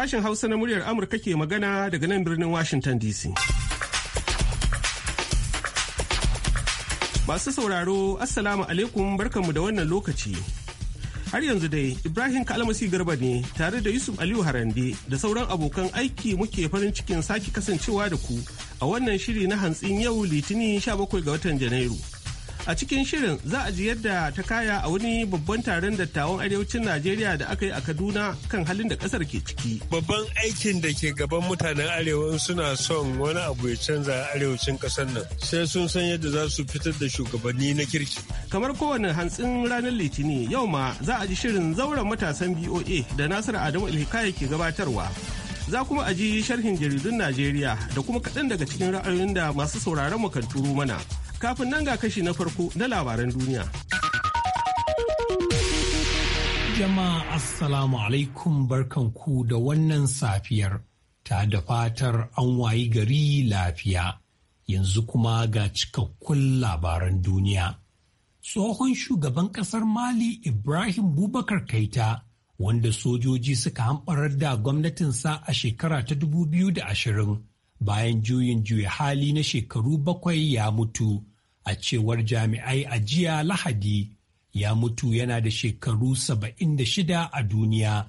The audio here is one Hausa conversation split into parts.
Sashen Hausa na muryar Amurka ke magana daga nan birnin Washington DC. Masu sauraro, Assalamu alaikum barkanmu da wannan lokaci. Har yanzu dai Ibrahim Kalmasi Garba ne tare da Yusuf Aliyu Harande da sauran abokan aiki muke farin cikin sake kasancewa da ku a wannan shiri na hantsin yau Litinin 17 ga watan Janairu. A cikin shirin za a ji yadda ta kaya a wani babban taron dattawan arewacin Najeriya da aka yi a Kaduna kan halin da kasar ke ciki. Babban aikin da ke gaban mutanen arewa suna son wani abu ya canza arewacin kasar nan sai sun san yadda za su fitar da shugabanni na kirki. Kamar kowane hantsin ranar Litinin yau ma za a ji shirin zauren matasan BOA da Nasiru Adamu Ilhikaya ke gabatarwa. za kuma a ji sharhin jaridun Najeriya da kuma kaɗan daga cikin ra'ayoyin da masu sauraron mu kan turo mana. Kafin nan ga kashi na farko na labaran duniya. Jama'a Assalamu alaikum barkanku da wannan safiyar ta da fatar an wayi gari lafiya. Yanzu kuma ga cikakkun labaran duniya. Tsohon shugaban ƙasar Mali Ibrahim Bubakar Kaita wanda sojoji suka hamɓarar da gwamnatinsa a shekara ta 2020 bayan juyin juya hali na shekaru bakwai ya mutu a cewar jami'ai a jiya lahadi ya mutu yana da shekaru 76 a duniya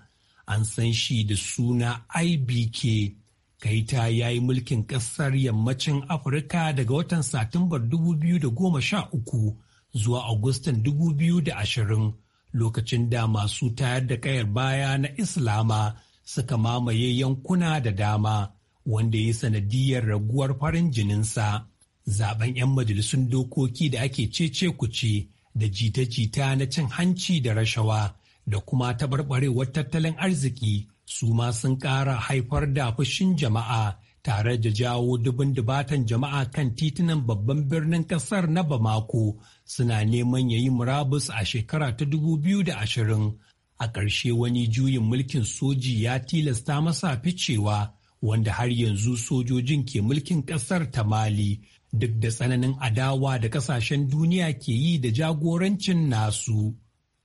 an san shi da suna ibk kaita ya yi mulkin ƙasar yammacin afirka daga watan satumbar 2013 zuwa agustan 2020 lokacin da masu tayar da kayar baya na islama suka mamaye yankuna da dama wanda ya sanadiyar raguwar farin jininsa zaben 'yan majalisun dokoki da ake cece kuce da jita-jita na cin hanci da rashawa da kuma taɓarɓarewar tattalin arziki su ma sun ƙara haifar da fushin jama'a tare da jawo dubin dubatan jama'a kan titunan babban birnin ƙasar na Bamako suna neman yayi murabus a shekara ta 2020 a ƙarshe wani juyin mulkin soji ya tilasta masa ficewa wanda har yanzu sojojin ke mulkin ƙasar ta Mali duk da tsananin adawa da kasashen duniya ke yi da jagorancin nasu.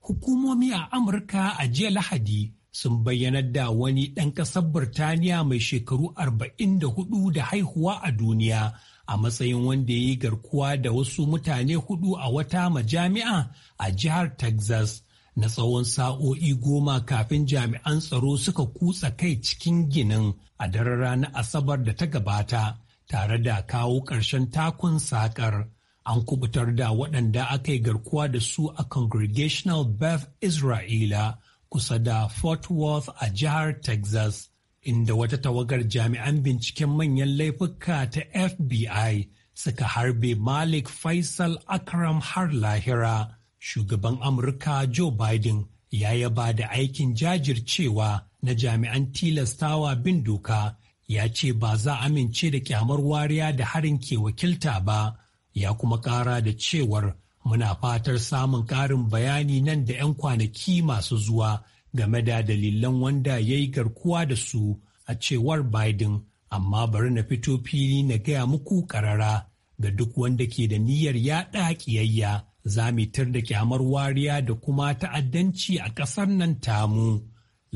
Hukumomi a Amurka a jiya Lahadi sun bayyanar da wani ɗan ƙasar Birtaniya mai shekaru 44 da haihuwa a duniya a matsayin wanda ya yi garkuwa da wasu mutane hudu a wata majami'a a jihar Texas na tsawon sa'o'i goma kafin jami'an tsaro suka kutsa kai cikin ginin a daren ranar Asabar da ta gabata. tare da kawo ƙarshen takun sakar an kubutar da waɗanda aka yi garkuwa da su a Congregational Beth Isra'ila kusa da Fort Worth a jihar Texas, inda wata tawagar jami'an binciken manyan laifuka ta FBI suka harbe Malik Faisal Akram har lahira. Shugaban Amurka Joe Biden ya yaba da aikin jajircewa na jami'an tilastawa bin doka ya ce ba za a amince da kyamar wariya da harin ke wakilta ba ya kuma kara da cewar muna fatar samun ƙarin bayani nan da 'yan kwanaki masu zuwa game da dalilan wanda ya yi garkuwa da su a cewar Biden, amma bari na fito fili na gaya muku ƙarara ga duk wanda ke da niyyar yaɗa ƙiyayya za mu tar da kyamar wariya da kuma ta'addanci a ƙasar nan tamu.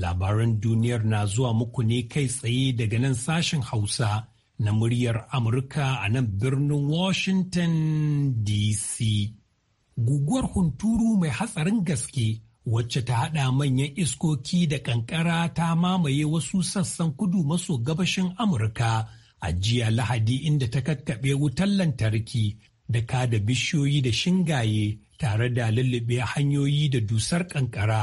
Labaran duniyar na zuwa muku ne kai tsaye daga nan sashen Hausa na muryar Amurka a nan birnin Washington DC. Guguwar hunturu mai hatsarin gaske wacce ta haɗa manyan iskoki da ƙanƙara ta mamaye wasu sassan kudu maso gabashin Amurka a jiya Lahadi inda ta kakkaɓe wutar lantarki da ka da bishiyoyi da shingaye tare da lullube hanyoyi da dusar ƙanƙara.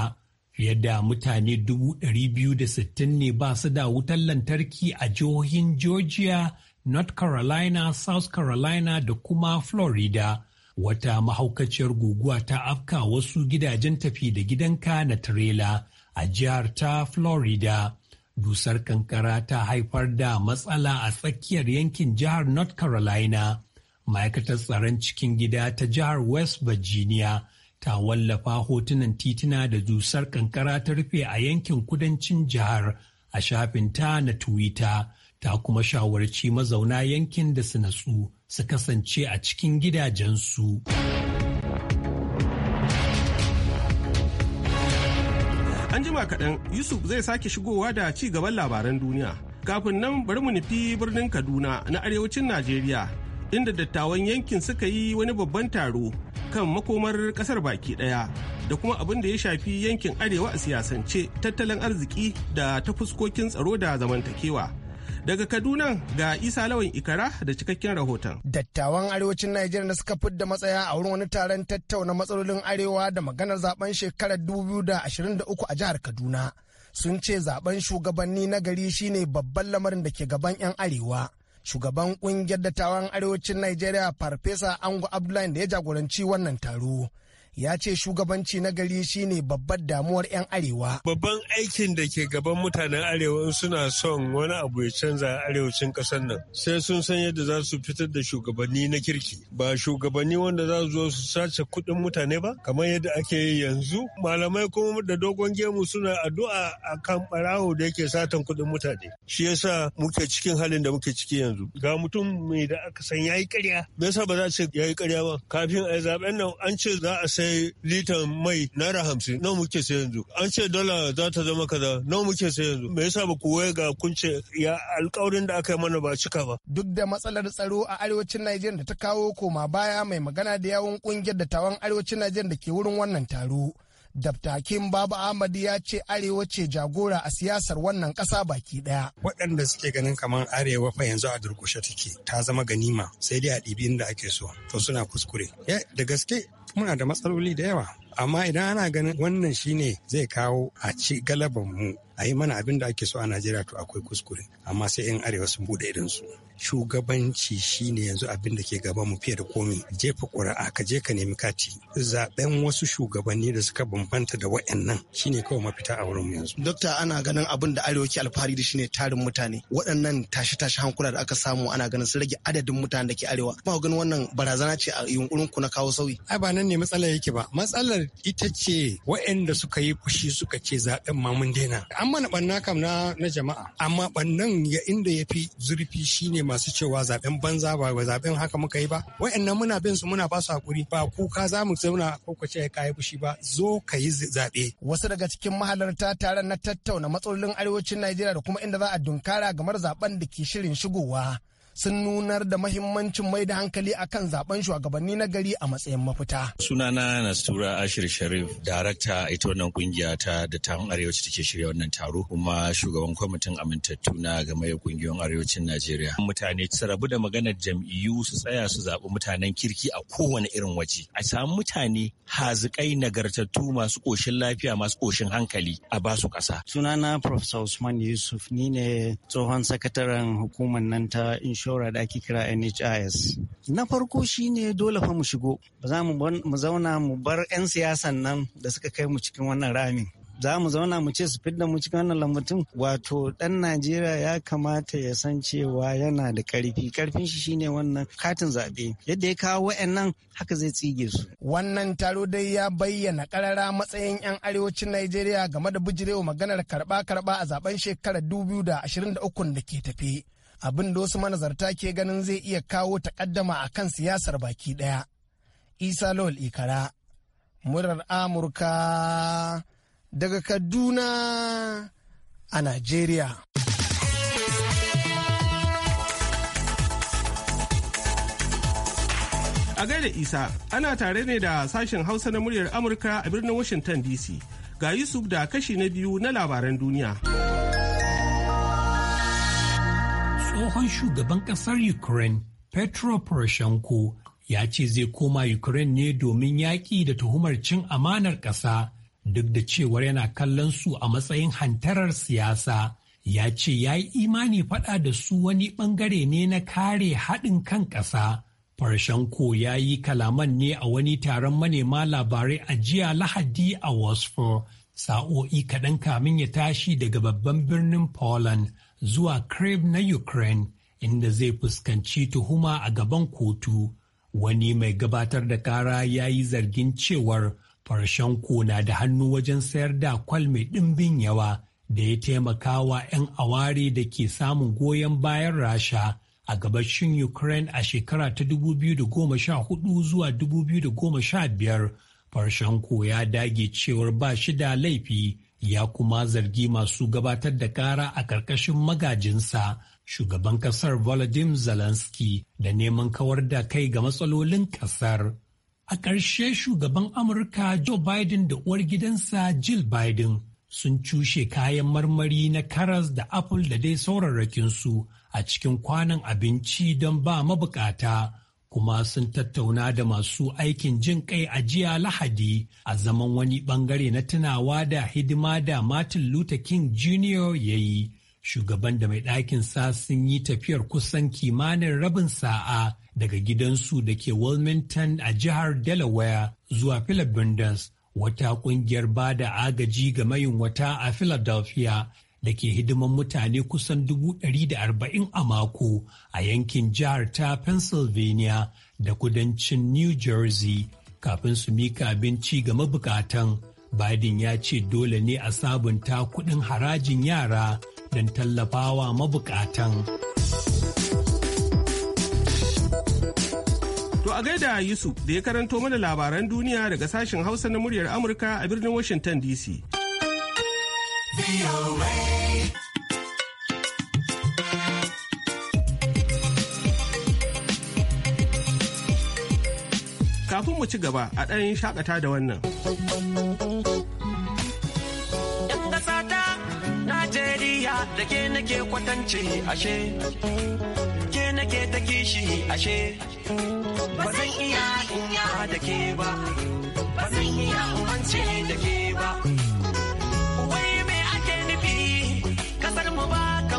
Fiye da mutane 260 ne ba su da wutar lantarki a jihohin Georgia, North Carolina, South Carolina da kuma Florida. Wata mahaukaciyar guguwa ta afka wasu gidajen tafi da gidanka na Trela a jihar ta Florida. Dusar kankara ta haifar da matsala a tsakiyar yankin jihar North Carolina. Ma'aikatar tsaron cikin gida ta jihar West Virginia ta wallafa hotunan titina da dusar kankara ta rufe a yankin kudancin jihar a shafinta na Twitter ta kuma shawarci mazauna yankin da su natsu su kasance a cikin gidajensu. An jima kaɗan Yusuf zai sake shigowa da ci gaban labaran duniya. Kafin nan bari mu nufi birnin Kaduna na arewacin Najeriya inda dattawan yankin suka yi wani babban taro kan makomar kasar baki daya da kuma abin da ya shafi yankin arewa a siyasance tattalin arziki da ta fuskokin tsaro da zamantakewa daga kaduna ga isa lawan ikara da cikakken rahoton dattawan arewacin najeriya da suka fidda matsaya a wurin wani taron tattauna matsalolin arewa da maganar zaben shekarar 2023 a jihar kaduna sun ce zaben shugabanni na gari shine babban lamarin da ke gaban 'yan arewa shugaban kungiyar dattawan arewacin Najeriya Farfesa Ango Abdullahi da ya jagoranci wannan taro. ya ce shugabanci na gari shine babbar damuwar 'yan arewa. Babban aikin da ke gaban mutanen arewa suna son wani abu ya canza arewacin ƙasar nan sai sun san yadda za su fitar da shugabanni na kirki ba shugabanni wanda za su zo su sace kuɗin mutane ba kamar yadda ake yi yanzu malamai kuma da dogon gemu suna addu'a a kan barawo da yake satan kuɗin mutane shi yasa muke cikin halin da muke ciki yanzu ga mutum mai da aka san yayi ƙarya me yasa ba za a ce yayi ƙarya ba kafin a zaben nan an ce za a sai sai litan mai naira hamsin nawa muke sai yanzu an ce dola za ta zama kaza nawa muke sai yanzu me yasa ba ku waya ga kun ce ya alkawarin da aka yi mana ba cika ba duk da matsalar tsaro a arewacin Najeriya da ta kawo koma baya mai magana da yawun kungiyar dattawan arewacin Najeriya da ke wurin wannan taro Daftakin Baba Ahmad ya ce Arewa ce jagora a siyasar wannan ƙasa baki ɗaya. Waɗanda suke ganin kamar Arewa fa yanzu a durkushe take ta zama ganima sai dai a ɗibi inda ake so to suna kuskure. Da gaske muna da matsaloli da yawa amma idan ana ganin wannan shine zai kawo a ci galaban mu a yi mana abin da ake so a najeriya to akwai kuskure amma sai yan arewa sun bude su. shugabanci shine yanzu abin da ke gaba mu fiye da komi jefa ƙuri'a ka je ka nemi kati zaben wasu shugabanni da suka bambanta da wayannan shine kawai mafita a wurin mu yanzu dokta ana ganin abin da arewa ke alfahari da shine tarin mutane waɗannan tashe-tashe hankula da aka samu ana ganin sun rage adadin mutanen da ke arewa ba ganin wannan barazana ce a yunkurin ku na kawo sauyi ai ba nan ne matsalar yake ba matsalar ita ce waɗanda suka yi fushi suka ce zaben ma mun daina an mana ɓanna kam na jama'a amma bannan ya inda ya fi zurfi shine masu cewa zaben banza ba zaben haka muka yi ba wa'annan muna bin su muna ba su hakuri ba kuka za mu zauna ko ka ce kai fushi ba zo ka yi zabe wasu daga cikin mahalarta taron na tattauna matsalolin arewacin Najeriya da kuma inda za a dunkara gamar zaben da ke shirin shigowa sun nunar da mahimmancin mai da hankali akan zaben shugabanni na gari a matsayin mafita. Sunana Nasiru Ashir Sharif, darakta ita wannan kungiya ta da ta arewaci take shirya wannan taro kuma shugaban kwamitin amintattu na game da kungiyoyin arewacin Najeriya. Mutane su rabu da maganar jam'iyyu su tsaya su zaɓi mutanen kirki a kowane irin waje. A samu mutane hazikai nagartattu masu ƙoshin lafiya masu ƙoshin hankali a basu ƙasa. Sunana Prof. Usman Yusuf ni ne tsohon sakataren hukumar nan ta inshora da ake kira NHIS. Na farko shi ne dole fa mu shigo, ba za mu zauna mu bar 'yan siyasan nan da suka kai mu cikin wannan ramin. za mu zauna mu ce su fidda mu cikin wannan lambatun wato dan najeriya ya kamata ya san cewa yana da ƙarfi. Ƙarfin shi shine wannan katin zaɓe yadda ya kawo wa'annan haka zai tsige su wannan taro dai ya bayyana ƙarara matsayin yan arewacin najeriya game da bijirewa maganar karɓa-karɓa a zaben shekarar 2023 da ke tafe abin da wasu manazarta ke ganin zai iya kawo takaddama a kan siyasar baki ɗaya. Isa Lawal Ikara, murar Amurka daga Kaduna a Najeriya. A gaida Isa, ana tare ne da sashen Hausa na muryar Amurka a birnin Washington DC. Ga Yusuf da kashi na biyu na labaran duniya. tsohon shugaban ƙasar Ukraine Petro Poroshenko ya ce zai koma Ukraine ne domin yaƙi da tuhumar cin amanar ƙasa duk da cewar yana kallon su a matsayin hantarar siyasa. Ya ce ya yi imani faɗa da su wani ɓangare ne na kare haɗin kan ƙasa. Poroshenko ya yi kalaman ne a wani taron manema labarai a jiya Lahadi a Wasfor, sa'o'i kaɗan kamin ya tashi daga babban birnin Poland. zuwa Kiev na Ukraine inda zai fuskanci tuhuma a gaban kotu. Wani mai gabatar da kara ya yi zargin cewar Poroshenko na da hannu wajen sayar da kwal mai ɗimbin yawa da ya taimaka wa 'yan aware da ke samun goyon bayan Rasha a gabashin Ukraine a shekara ta 2014 zuwa 2015. Poroshenko ya dage cewar ba shi da laifi ya kuma zargi masu gabatar da kara a ƙarƙashin magajinsa shugaban ƙasar Volodymyr Zelensky da neman kawar da kai ga matsalolin ƙasar. A ƙarshe shugaban Amurka Joe Biden da uwar gidansa Jill Biden sun cushe kayan marmari na karas da apple da dai saurarakinsu a cikin kwanan abinci don ba mabukata. kuma sun tattauna da masu aikin jin kai a jiya lahadi a zaman wani bangare na tunawa da hidima da Martin Luther King Jr. ya yi. Shugaban da mai ɗakin sa sun yi tafiyar kusan kimanin rabin sa'a daga gidansu da ke Wilmington a jihar Delaware zuwa Philip wata ƙungiyar ba da agaji ga mayunwata a Philadelphia da ke hidiman mutane kusan dubu da arba'in a mako a yankin jihar ta Pennsylvania da kudancin New Jersey kafin su mika abinci ga mabukatan. Biden ya ce dole ne a sabunta kuɗin harajin yara don tallafawa mabukatan. To a gaida Yusuf da ya karanto mana labaran duniya daga sashen Hausa na muryar Amurka a birnin Washington DC. Kafin mu ci gaba a ɗan shakata da wannan. ‘Yan ƙasa ta Najeriya da ke nake kwatance ashe, ke nake ta kishi ashe, ba zan iya inya da ke ba, ba zan iya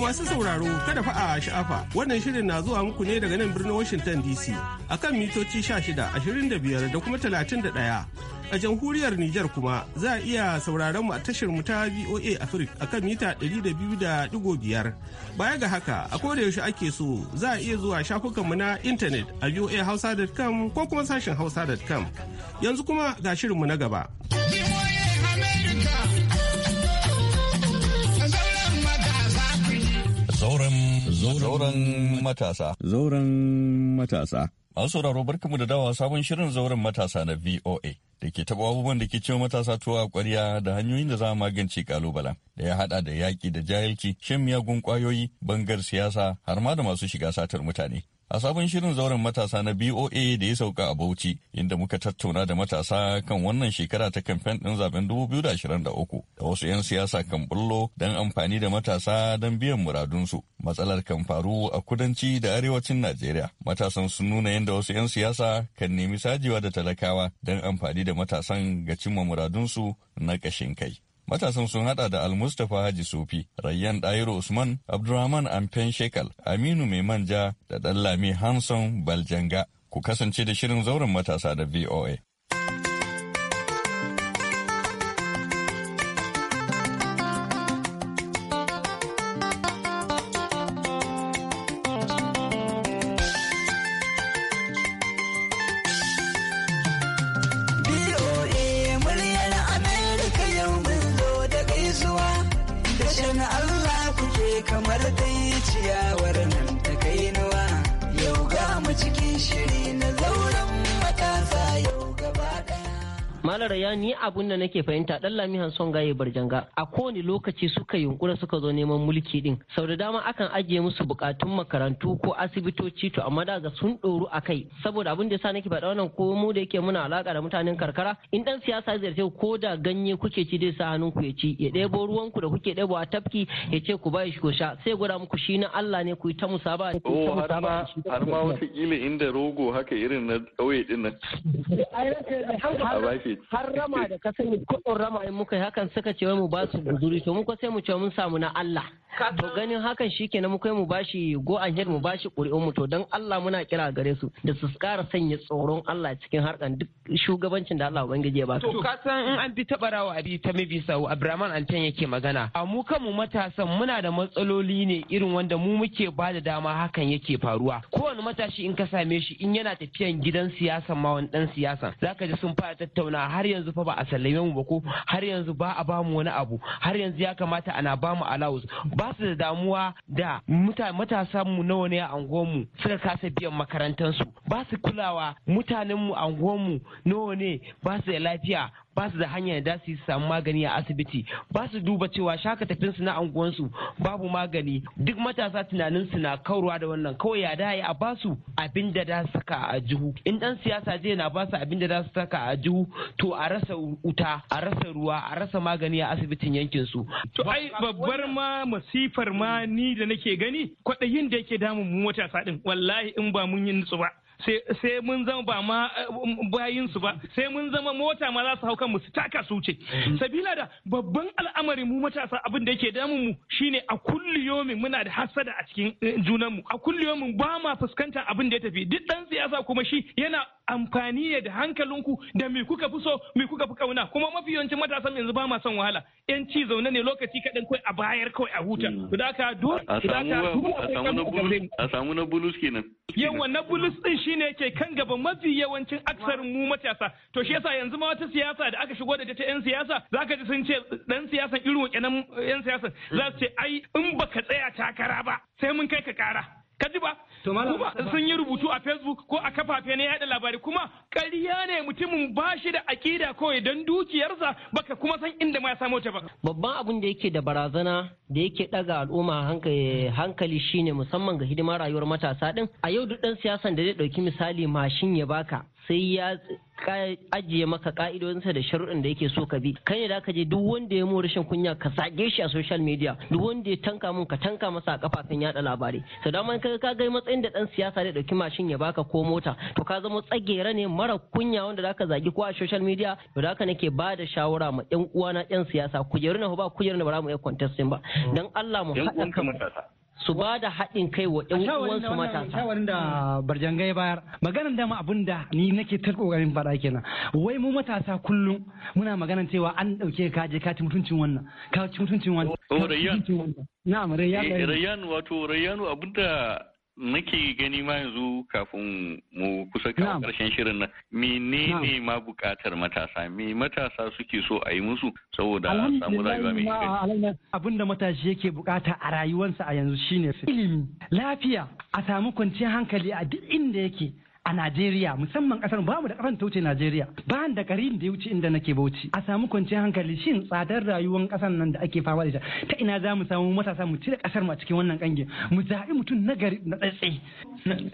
masu sauraro kada fa a sha'afa wannan shirin na zuwa muku ne daga nan birnin Washington DC akan mitoci 16, 25 da kuma 31. A jamhuriyar Nijar kuma za a iya sauraron mu a tashar mu ta VOA Africa akan mita 200.5. Baya ga haka a koda yaushe ake so za a iya zuwa shafukan mu na intanet a voahausa.com ko kuma sashin hausa.com. Yanzu kuma ga shirin mu na gaba. Zauren matasa. Zauren matasa. Masu sauraro barkamu da dawa sabon shirin zauren matasa na VOA da ke taɓa abubuwan da ke cewa matasa tuwa a ƙwarya da hanyoyin da za a magance kalubalen da ya haɗa da yaƙi da jahilci, shan miyagun ƙwayoyi, bangar siyasa har ma da masu shiga satar mutane. a sabon shirin zauren matasa na BOA da ya sauka a Bauchi inda muka tattauna da matasa kan wannan shekara ta kamfen ɗin zaben 2023 da wasu 'yan siyasa kan bullo don amfani da matasa don biyan muradunsu. Matsalar kan faru a kudanci da arewacin Najeriya. Matasan sun nuna yadda wasu 'yan siyasa kan nemi sajewa da talakawa don amfani da matasan ga cimma muradunsu na kashin kai. Matasan sun hada da Almustapha Haji Sufi, Rayyan Dairo Usman, Abdurrahman Amfen Shekal, Aminu Mai Manja da Dallami Hanson Baljanga. Ku kasance da shirin zauren matasa da VOA. kamar dai ciyawar nan ta kai nawa yau ga mu cikin shiri na zauren matasa yau gaba malar ya ni abun da nake fahimta dan lami hanson gaye barjanga a kowane lokaci suka yunkura suka zo neman mulki din sau da dama akan ajiye musu bukatun makarantu ko asibitoci to amma daga sun doru a kai saboda abin da yasa nake faɗa wannan ko mu da yake muna alaka da mutanen karkara in dan siyasa zai ce ko da ganye kuke ci dai sa hannun ku ya ci ya ɗebo ruwan ku da kuke ɗebo a tafki ya ce ku bai shi ko sai gwada muku shi na Allah ne ku yi ta musaba ku oh, har ma har ma wata kila inda rogo haka irin na kauye din nan a har rama da ka sani kudin rama in muka yi hakan suka ce wai mu ba su guduri to muka sai mu ce mun samu na Allah to ganin hakan shi kenan muka yi mu bashi go ahead mu bashi ƙuri'un mu to dan Allah muna kira gare su da su ƙara sanya tsoron Allah cikin harkan duk shugabancin da Allah ubangiji ya ba su to ka san in an bi ta barawa a ta mabi sau Abraman Antan yake magana a mu kan mu matasan muna da matsaloli ne irin wanda mu muke ba da dama hakan yake faruwa kowane matashi in ka same shi in yana tafiyan gidan siyasan ma wani dan siyasan zaka ji sun fara tattauna har yanzu fa ba a sallame mu ba ko har yanzu ba a bamu wani abu har yanzu ya kamata ana bamu allowance ba su da damuwa da matasan mu nawa ne a mu suka kasa biyan makarantansu ba su kulawa mutanen mu a mu nawa ne ba su da lafiya ba su da hanyar da su samu magani a asibiti ba su duba cewa shakatafin su na anguwansu babu magani duk matasa tunanin su na kaurwa da wannan kawai ya da a basu abin da da saka a jihu in dan siyasa je na basu abin da da saka a jihu to a rasa wuta a rasa ruwa a rasa magani a asibitin yankin su to ai babbar ma masifar ma ni da nake gani kwaɗayin da yake damun mu matasa din wallahi in ba mun yi nutsu ba sai mun zama ba ma bayin ba sai mun zama mota ma za su hau kanmu su taka su ce. Mm. sabila da babban al'amari mu matasa abin da yake damun mu shine a kulli yomin muna da hasada a cikin eh, junanmu mu a kulli yomin ba ma fuskantar abin da ya tafi duk dan siyasa kuma shi yana amfani ne da hankalinku da me kuka fi so me kuka fi kauna kuma mafi yawancin matasan yanzu ba ma son wahala yan ci zaune ne lokaci kaɗan kawai a bayar kawai a huta mm. da ka a samu na bulus kenan yawa na bulus din shine yake kan gaba mafi yawancin aksarin mu matasa to shi yasa yanzu ma wata siyasa da aka shigo da ta yan siyasa zaka ji sun ce dan siyasan irin kenan yan siyasa za su ce ai in baka tsaya takara ba sai mun kai ka kara ka ba kuma sun yi rubutu a facebook ko a kafafe na yada labari kuma ƙarya ne mutumin ba shi da aƙida kawai don dukiyarsa baka kuma san inda ma ya samo ta ba babban abin da yake da barazana da yake daga al'umma hankali shine musamman ga hidimar rayuwar matasa din a yau duk dan siyasan da zai dauki misali mashin ya baka sai ya ajiye maka ka'idodinsa da sharuɗin da yake so ka bi kai ne da je duk wanda ya mu rashin kunya ka sage shi a social media duk wanda ya tanka mun ka tanka masa a kafafen yada labarai to da man ka ga matsayin da dan siyasa da dauki mashin ya baka ko mota to ka zama tsagera ne mara kunya wanda zaka zagi ko a social media to da nake ba da shawara ma yan uwana yan siyasa kujeru na ba kujeru na ba za mu iya contesting ba mm. dan Allah mu haɗa kan su ba da haɗin kai wa ɗan uwansu matasa. Shawarin da barjanga ya bayar maganan dama abin da ni nake ta ƙoƙarin faɗa kenan wai mu matasa kullum muna maganan cewa an ɗauke ka je ka ci mutuncin wannan ka ci mutuncin wannan. Oh, Na'am eh, Rayyan. Rayyan wato Rayyan abin da nake gani ma yanzu kafin mu kusa kawo karshen shirin nan menene ma bukatar matasa me matasa suke so a yi musu saboda samu rayuwa mai inganci abin da matashi yake bukata a rayuwarsa a yanzu shine ilimi lafiya a samu kwanciyar hankali a duk inda yake a Najeriya musamman kasar bamu da kafan tauce Najeriya ba da garin da ya wuce inda nake Bauchi a samu kwanciyar hankali shin tsadar rayuwar kasar nan da ake fama da ita ta ina za mu samu matasa mu cire kasar mu a cikin wannan kange mu zaɓi mutum na gari na tsatse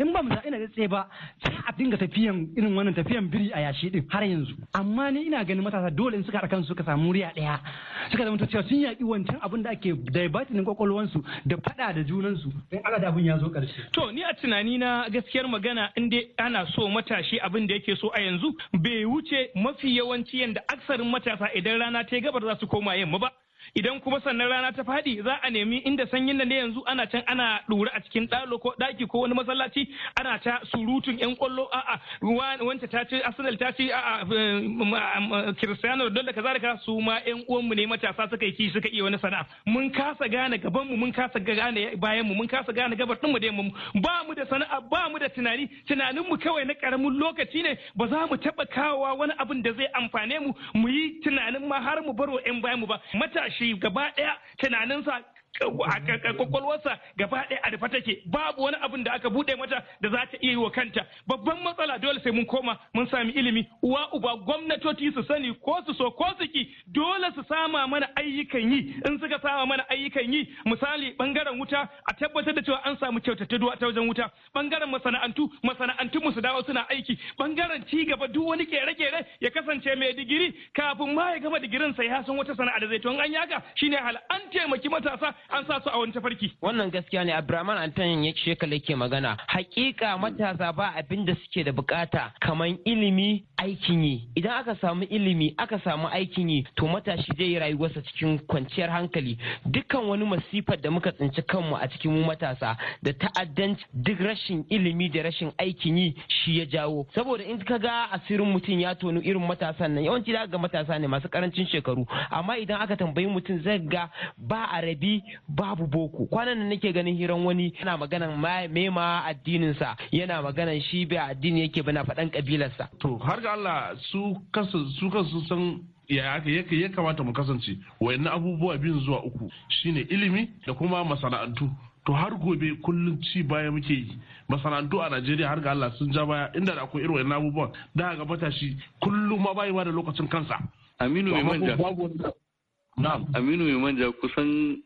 in ba mu zaɓi na tsatse ba sai a dinga tafiyan irin wannan tafiyan biri a yashi din har yanzu amma ni ina ganin matasa dole in suka haɗa kansu suka samu riya ɗaya suka zama cewa sun yaƙi wancan abin da ake daibatinin kwakwalwansu da faɗa da junansu don Allah da abin ya zo ƙarshe. To ni a tunani na gaskiyar magana in dai ana so matashi abin da yake so a yanzu bai wuce mafi yawanci yadda aksarin matasa idan rana ta gabar za su koma yamma ba idan kuma sannan rana ta faɗi za a nemi inda sanyin nan ne yanzu ana can ana ɗura a cikin ɗalo ko ɗaki ko wani masallaci ana ta surutun yan kwallo a'a wanda ta ce arsenal ta ce kiristiano um, um, um, cristiano ronaldo kaza da su ma yan uwanmu ne matasa suka yi kishi suka iya wani sana'a mun kasa gane gaban mu mun kasa gane bayan mu mun kasa gane gabar mu da mu ba mu da sana'a ba mu da tunani tunanin mu kawai na karamin lokaci ne ba za mu taɓa kawowa wani abin da zai amfane mu mu yi tunanin ma har mu baro yan bayan mu ba matashi gaba ɗaya tunaninsa kwakwalwarsa gaba ɗaya a rufe take babu wani abin da aka buɗe mata da za ta iya yi wa kanta babban matsala dole sai mun koma mun sami ilimi uwa uba gwamnatoci su sani ko su so ko su ki dole su sama mana ayyukan yi in suka sama mana ayyukan yi misali bangaren wuta a tabbatar da cewa an samu duwa ta wajen wuta bangaren masana'antu masana'antu mu su dawo suna aiki bangaren ci gaba duk wani kere-kere ya kasance mai digiri kafin ma ya gama digirin sai ya san wata sana'a da zai to an yaka shine hal an taimaki matasa an sa su a wani tafarki. Wannan gaskiya ne Abdurrahman Antan ya shekala ke magana. Hakika matasa ba abin da suke da bukata kamar ilimi aikin yi. Idan aka samu ilimi aka samu aikin yi to matashi zai yi rayuwarsa cikin kwanciyar hankali. Dukkan wani masifar da muka tsinci kanmu a cikin mu matasa da ta'addanci duk rashin ilimi da rashin aikin yi shi ya jawo. Saboda in ka ga asirin mutum ya tonu irin matasan nan yawanci da ga matasa ne masu karancin shekaru amma idan aka tambayi mutum zai ga ba a rabi babu boko kwanan nan nake ganin hiran wani yana maganan mema ma addinin sa yana maganan shi bai addini yake bana faɗan ƙabilarsa. to har ga Allah su kansu su kansu san ya ya kamata mu kasance wayannan abubuwa biyun zuwa uku shine ilimi da kuma masana'antu to har gobe kullum ci baya muke yi masana'antu a najeriya har ga allah sun ja baya inda da akwai irin wayannan abubuwan da ga matashi kullum ma bai da lokacin kansa aminu mai manja Aminu mai manja kusan eh,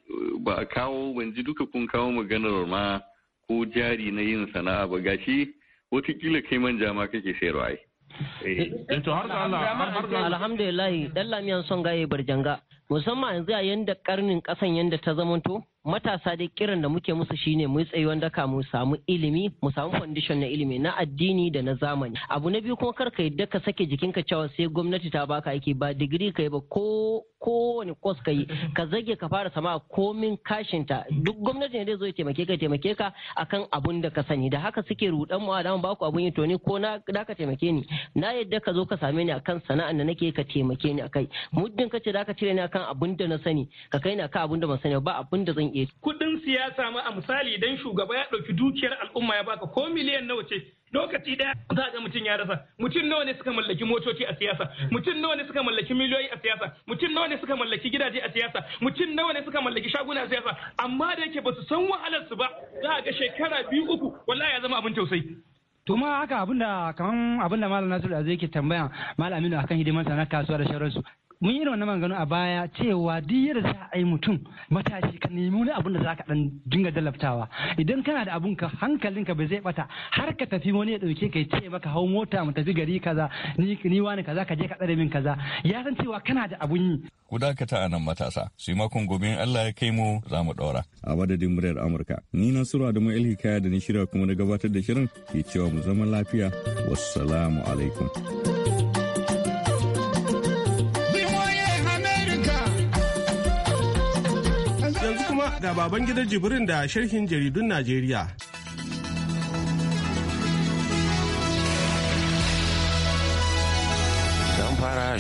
ba a kawo ban ji duka kun kawo maganar ma ko jari na yin sana'a ba gashi watakila kai manja ma kake sayarwa ai. Eh, eh, to Alhamdulillah dan lamiyan son gaye barjanga musamman yanzu a yanda karnin ƙasan yanda ta zamanto matasa dai kiran da muke musu shine mu wanda ka mu samu ilimi mu samu foundation na ilimi na addini da na zamani abu na biyu kuma karka yadda ka sake jikinka cewa sai gwamnati ta baka aiki ba digiri ka ba ko kowane kos ka yi ka zage ka fara sama komin kashinta duk gwamnati ne zai zo ya taimake ka taimake ka akan abun da ka sani da haka suke rudan mu adam ah, baku ku abun yi to ni ko na da ka taimake ni na yadda ka zo ka same ni akan sana'an da nake ka taimake ni akai muddin ka ce da ka cire ni akan abun da na sani ka kai ni akan abun da ban sani ba abun da zan ne. Eh. Kudin Kuɗin siyasa ma a misali idan shugaba ya ɗauki dukiyar al'umma ya baka ko miliyan nawa ce lokaci ɗaya za ga mutum ya rasa mutum nawa ne suka mallaki motoci a siyasa mutum nawa ne suka mallaki miliyoyi a siyasa mutum nawa ne suka mallaki gidaje a siyasa mutum nawa ne suka mallaki shaguna a siyasa amma da yake ba su san wahalar su ba za ga shekara biyu uku wallahi ya zama abin tausayi to ma haka abinda kaman abinda malam nasiru da zai ke tambaya malam aminu akan hidimar na kasuwa da shararsu. mun yi wannan maganganu a baya cewa duk yadda za a yi mutum matashi ka nemi wani abun da za ka dan dinga dalaftawa idan kana da abun ka hankalinka bai zai bata har ka tafi wani ya dauke ka ce maka hau mota mu tafi gari kaza ni ni wani kaza ka je ka tsare min kaza ya san cewa kana da abun yi ku dakata a nan matasa sai makon gobe Allah ya kai mu za mu daura a madadin muryar Amurka ni na sura da mu da ni shirya kuma na gabatar da shirin ke cewa mu zama lafiya wassalamu alaikum ga baban gidan jibrin da sharhin jaridun Najeriya.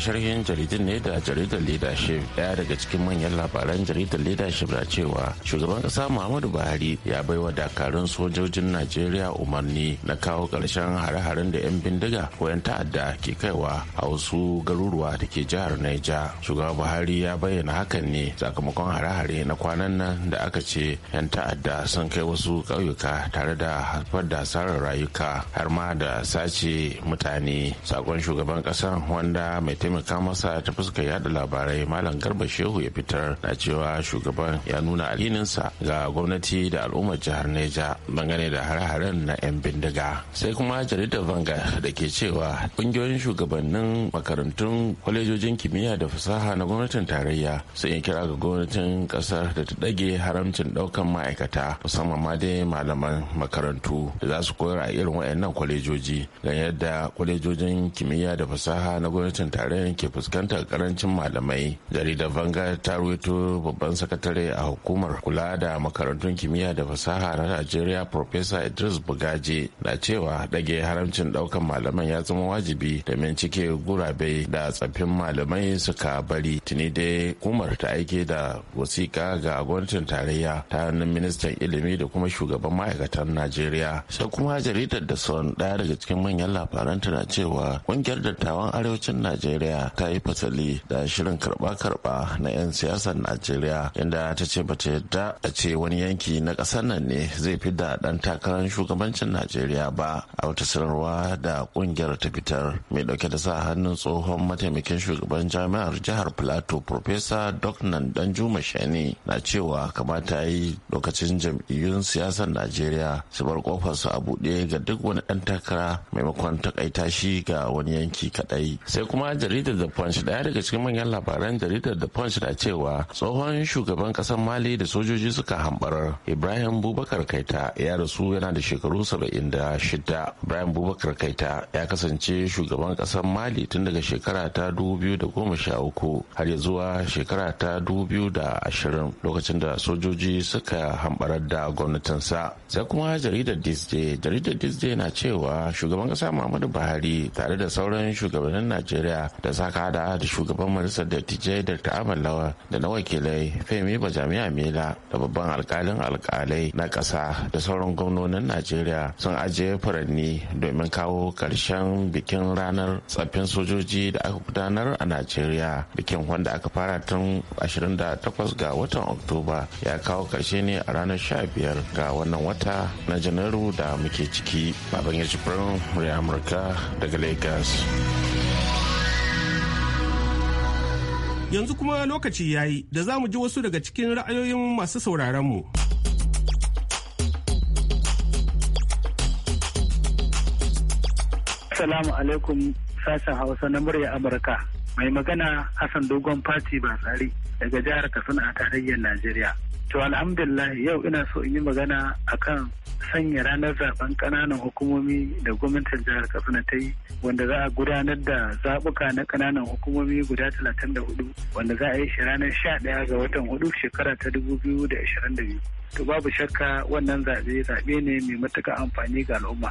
sharhin jaridun ne da jaridar leadership daya daga cikin manyan labaran jaridar leadership na cewa shugaban kasa muhammadu buhari ya baiwa dakarun sojojin najeriya umarni na kawo karshen hare-haren da 'yan bindiga ko 'yan ta'adda ke kaiwa a wasu garuruwa da ke jihar naija shugaban buhari ya bayyana hakan ne sakamakon hare-hare na kwanan nan da aka ce 'yan ta'adda sun kai wasu ƙauyuka tare da haifar da asarar rayuka har ma da sace mutane sakon shugaban ƙasar wanda mai taimaka masa ta fuskar yada labarai malam garba shehu ya fitar na cewa shugaban ya nuna alininsa ga gwamnati da al'ummar jihar neja dangane da har-haren na 'yan bindiga sai kuma jaridar vanga da ke cewa kungiyoyin shugabannin makarantun kwalejojin kimiyya da fasaha na gwamnatin tarayya sun yi kira ga gwamnatin kasar da ta dage haramcin daukan ma'aikata musamman ma dai malaman makarantu da za su koyar a irin wa'annan kwalejoji ga yadda kwalejojin kimiyya da fasaha na gwamnatin tarayya yaren ke fuskantar karancin malamai jaridar vanga ta ruwaito babban sakatare a hukumar kula da makarantun kimiyya da fasaha na najeriya professor idris bugaje na cewa dage haramcin daukan malaman ya zama wajibi da domin cike gurabe da tsaffin malamai suka bari tuni dai hukumar ta aike da wasiƙa ga gwamnatin tarayya ta hannun ministan ilimi da kuma shugaban ma'aikatan najeriya sai kuma jaridar da son ɗaya daga cikin manyan labaranta na cewa ƙungiyar dattawan arewacin najeriya najeriya ta yi fasali da shirin karba-karba na 'yan siyasar najeriya inda ta ce ba ta yadda a ce wani yanki na ƙasar nan ne zai fi da ɗan takarar shugabancin najeriya ba a wata sanarwa da ƙungiyar ta fitar mai ɗauke da sa hannun tsohon mataimakin shugaban jami'ar jihar plateau profesa doknan danjuma shani na cewa kamata yi lokacin jam'iyyun siyasar najeriya su bar kofar su a buɗe ga duk wani ɗan takara maimakon takaita shi ga wani yanki kaɗai sai kuma jaridar The Punch daya daga cikin manyan labaran jaridar The Punch na cewa tsohon shugaban kasar Mali da sojoji suka hambarar Ibrahim Bubakar Kaita ya rasu yana da shekaru 76. Ibrahim Bubakar Kaita ya kasance shugaban kasar Mali tun daga shekara ta uku har ya zuwa shekara ta ashirin lokacin da sojoji suka hambarar da gwamnatinsa. Sai kuma jaridar Disney, jaridar Disney na cewa shugaban kasa Muhammadu Buhari tare da sauran shugabannin Najeriya da saka da hada da shugaban majalisar dattijai da ta'amal lawa da na wakilai femi jami'a mela da babban alkalin alkalai na ƙasa da sauran gwamnonin najeriya sun ajiye furanni domin kawo ƙarshen bikin ranar tsaffin sojoji da aka gudanar a najeriya bikin wanda aka fara tun 28 ga watan oktoba ya kawo ƙarshe ne a ranar 15 ga wannan wata na janairu da muke ciki baban ya jibrin amurka daga lagos Yanzu kuma lokaci ya yi da za mu ji wasu daga cikin ra'ayoyin masu mu. Salamu alaikum sashen Hausa na murya Amurka. Mai magana Hassan Dogon Fati Basari daga jihar Katsina a tarayyar Najeriya. To alhamdulillah yau ina so in yi magana akan sanya ranar zaben kananan hukumomi da gwamnatin jihar katsina ta yi wanda za a gudanar da zabuka na kananan hukumomi guda 34 wanda za a yi shi ranar 11 ga watan 4 shekara ta 2022 to babu shakka wannan zaɓe zaɓe ne mai matuka amfani ga al'umma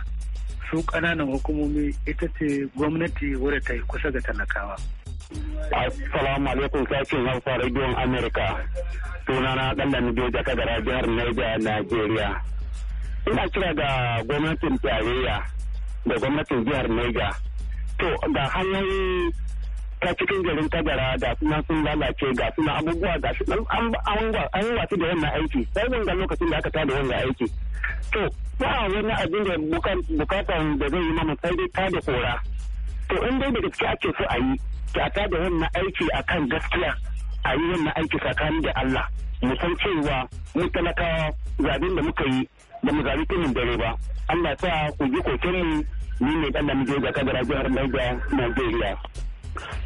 su kananan hukumomi ita ce gwamnati wadda ta yi kusa ga talakawa Assalamu alaikum sashen Hausa Radio Amerika. Sunana ɗan da Nijo Jakadara jihar Niger, Najeriya. ina kira ga gwamnatin tarayya da gwamnatin jihar Niger. To ga hanyoyi ta cikin garin tagara ga suna sun lalace ga suna abubuwa ga su an wasu da wannan aiki sai ban ga lokacin da aka tada wannan aiki to ba wani abin da bukatan da zai yi mana sai dai tada kora to in dai da gaske ake so a yi ta tada wannan aiki akan gaskiya a yi wannan aiki tsakanin da Allah mu san cewa mu talaka zabin da muka yi ba mu zabi kunin dare ba Allah sa ku ji mu ni ne ɗan namiji ga kadara jihar Niger Nigeria.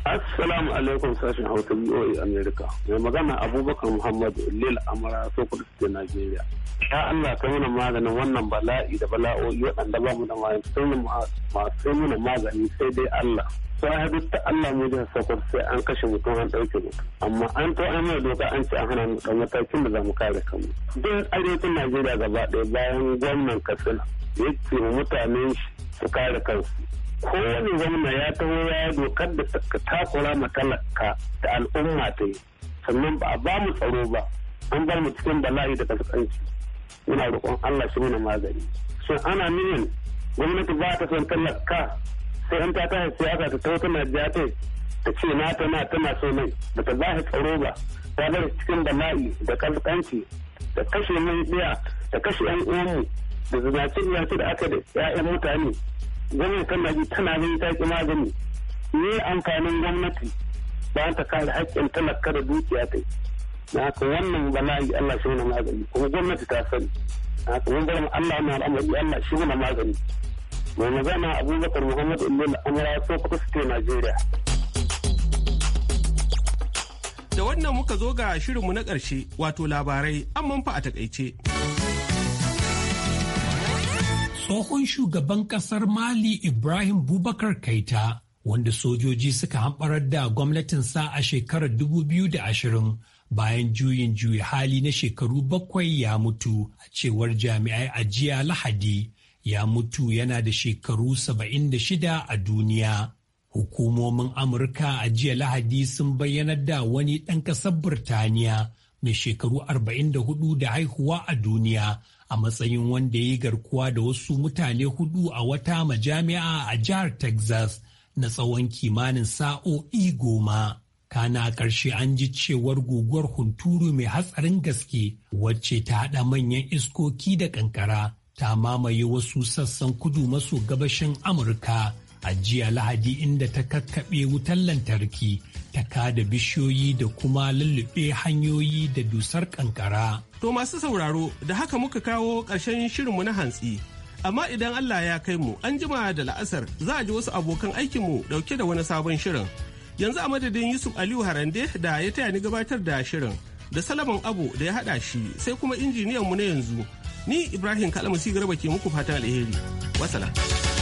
Assalamu alaikum sashen Hausa BOA Amerika. Mai magana Abubakar Muhammadu Lil Amara Sokoto da Najeriya. Ya Allah ka mana maganin wannan bala'i da bala'o'i waɗanda ba mu da masu mana magani sai dai Allah. ya ta Allah mu da Sokoto sai an kashe mutum an ɗauke mu. Amma an to an yi doka an ce an hana mu ɗan matakin da za mu kare kanmu. Duk arewacin Najeriya gaba ɗaya bayan gwamnan Katsina ya ce mutanen su kare kansu. kowane gwamna ya taho ya dokar da ta takura ma da al'umma ta yi sannan ba a ba mu tsaro ba an bar mu cikin bala'i da kaskanci muna roƙon Allah shi mana magani so ana nuna gwamnati ba ta son talaka sai an ta tashi siyasa ta tauta tana biya ta ta ce na ta tana tana so mai ba ta ba shi tsaro ba ta bar cikin bala'i da kaskanci da kashe mai da kashe 'yan uwanmu da zinace zinace da aka da 'ya'yan mutane gwamnati tana ji tana gani ta ki magani ne amfanin gwamnati ba ta kare haƙƙin talaka da dukiya ta na haka wannan bala'i Allah shi wani magani kuma gwamnati ta sani na haka wani gwamnati Allah na al'amari Allah shi wani magani mai magana Abubakar Muhammad Ilil Amara kuka suke Najeriya. Da wannan muka zo ga shirinmu na ƙarshe wato labarai amman fa a takaice. tsohon shugaban ƙasar Mali Ibrahim Bubakar Kaita, wanda sojoji suka hamɓarar da gwamnatinsa a shekarar 2020 bayan juyin juyi hali na shekaru bakwai ya mutu a cewar jami'ai ajiya Lahadi. Ya mutu yana da shekaru 76 a duniya. Hukumomin Amurka a jiya Lahadi sun bayyanar da wani ɗan ƙasar Birtaniya mai shekaru 44 da haihuwa a duniya a matsayin wanda ya yi garkuwa da wasu mutane hudu a wata majami'a a jihar Texas na tsawon kimanin sa'o'i goma. Kana ƙarshe an ji cewar guguwar hunturu mai hatsarin gaske wacce ta haɗa manyan iskoki da ƙanƙara ta mamaye wasu sassan kudu maso gabashin Amurka. a jiya lahadi inda ta kakkaɓe wutar lantarki ta kada bishiyoyi da kuma lulluɓe, hanyoyi da dusar ƙanƙara. To masu sauraro da haka muka kawo ƙarshen shirinmu na hantsi. Amma idan Allah ya kai mu an jima da la'asar za a ji wasu abokan aikinmu dauke da wani sabon shirin. Yanzu a madadin Yusuf Aliyu Harande da ya taya ni gabatar da shirin da Salaman Abu da ya haɗa shi sai kuma injiniyan mu na yanzu. Ni Ibrahim Kalamusi Garba ke muku fatan alheri. Wasala.